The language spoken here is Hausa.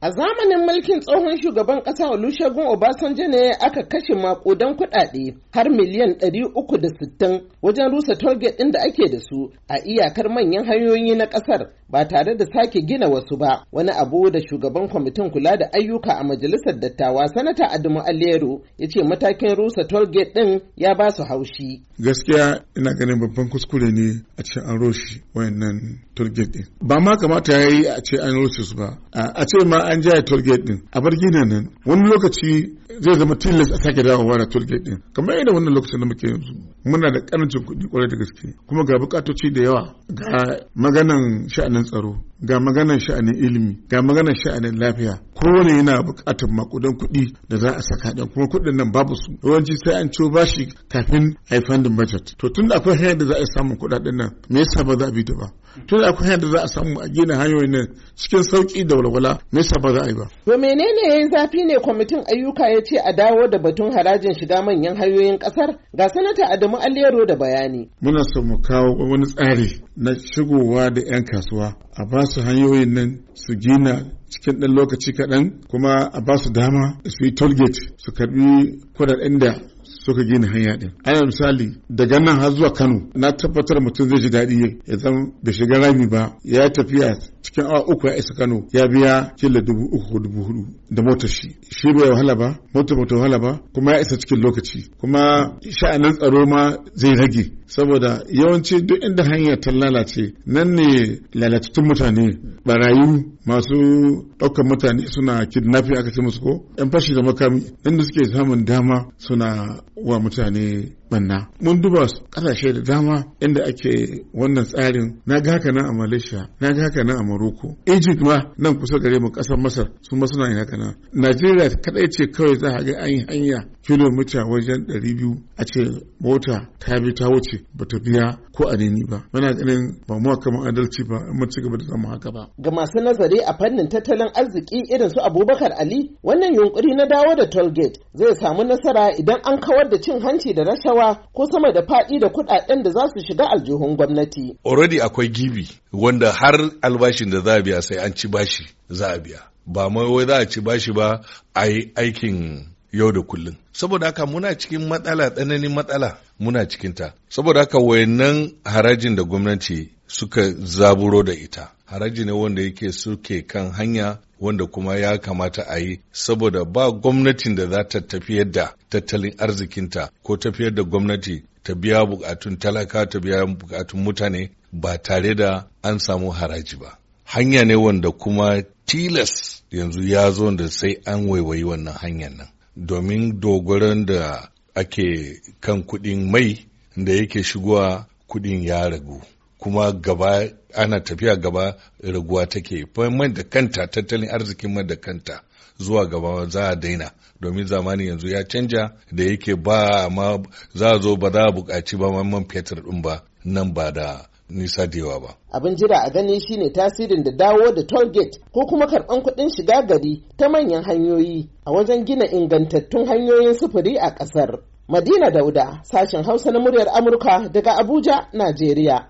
A zamanin mulkin tsohon shugaban ƙasa Olusegun Obasanjo ne aka kashe makudan kuɗaɗe har miliyan 360 wajen rusa target ɗin da ake da su a iyakar manyan hanyoyi na ƙasar ba tare da sake gina wasu ba. Wani abu da shugaban kwamitin kula da ayyuka a majalisar dattawa sanata Adamu Alero ya ce matakin rusa target ɗin ya ba su haushi. Gaskiya ina ganin babban kuskure ne a ce an roshi wayannan target ɗin. Ba ma kamata ya yi a ce an rushe su ba. A ce ma an jaya tolgate din a bar ginin nan wani lokaci zai zama tilas a sake dawowa na tolgate din kamar yadda wannan lokacin da muke yanzu muna da karancin kuɗi kwarai da gaske kuma ga bukatoci da yawa ga maganan sha'anin tsaro ga maganar sha'anin ilimi ga maganar sha'anin lafiya kowane yana bukatar makudan kuɗi da za a saka da kuma kuɗin nan babu su yawanci sai an ciwo bashi kafin a yi fandin budget to tun da akwai hanyar da za a samu kuɗaɗen nan me yasa ba za a bi ta ba tun da akwai hanyar da za a samu a gina hanyoyin nan cikin sauƙi da walwala me yasa ba za a yi ba. to menene ya yi zafi ne kwamitin ayyuka ya ce a dawo da batun harajin shiga manyan hanyoyin ƙasar ga sanata adamu alero da bayani. muna so mu kawo wani tsari na shigowa da 'yan kasuwa a ba su hanyoyin nan su gina cikin ɗan lokaci kaɗan kuma a ba su dama su yi tolgate su karɓi kuɗaɗen da suka gina hanya ɗin. Ana misali daga nan har zuwa Kano na tabbatar mutum zai ji daɗi ya zama bai shiga rami ba ya tafiya cikin awa uku ya isa Kano ya biya kila dubu uku ko dubu hudu da motar shi. Shi bai wahala ba, motar bata wahala ba kuma ya isa cikin lokaci kuma sha'anin tsaro ma zai rage. saboda yawanci duk inda hanyar ta lalace nan ne lalatattun mutane barayu masu ɗaukar mutane suna kidnafi aka ce musu ko yan fashi da makami inda suke samun dama suna wa mutane banna mun duba kasashe da dama inda ake wannan tsarin na ga haka nan a malaysia na ga haka nan a morocco egypt ma nan kusa gare mu kasar masar su ma suna yin haka nan najeriya kadai ce kawai za a ga an yi hanya kilomita wajen biyu a ce mota ta bi ta wuce ba ta biya ko a nemi ba muna ganin ba mu kamar adalci ba mun ci gaba da zama haka ba ga masu nazari a fannin tattalin arziki irin su abubakar ali wannan yunkuri na dawo da tollgate zai samu nasara idan an kawar da cin hanci da rashawa ko sama da faɗi da kuɗaɗen da za su shiga aljihun gwamnati. Already akwai gibi wanda har albashin da za a biya sai an ci bashi za a biya. Ba mai wai za a ci bashi ba a yi aikin yau da kullum. Saboda haka muna cikin matsala tsananin matsala muna cikinta. Saboda haka wayannan harajin da gwamnati suka zaburo da ita haraji ne wanda yake suke kan hanya wanda kuma ya kamata a yi saboda ba gwamnatin da za ta tafiyar da tattalin arzikinta ko tafiyar da gwamnati ta biya bukatun talaka ta biya bukatun mutane ba tare da an samu haraji ba hanya ne wanda kuma tilas yanzu ya zo da sai an waiwayi wannan hanyar nan domin dogoron da ake kan kudin mai da yake shigowa kudin ya ragu kuma gaba ana tafiya gaba raguwa take man da kanta tattalin arzikin man da kanta zuwa gaba za a daina domin zamani yanzu ya canja da yake ba ma za a zo ba za a buƙaci ba man fetur ɗin ba nan ba da nisa da yawa ba. Abin jira a gani shine tasirin da dawo da toll gate ko kuma karɓan kuɗin shiga gari ta manyan hanyoyi a wajen gina ingantattun hanyoyin sufuri a ƙasar. Madina Dauda, sashen Hausa na muryar Amurka daga Abuja, Najeriya.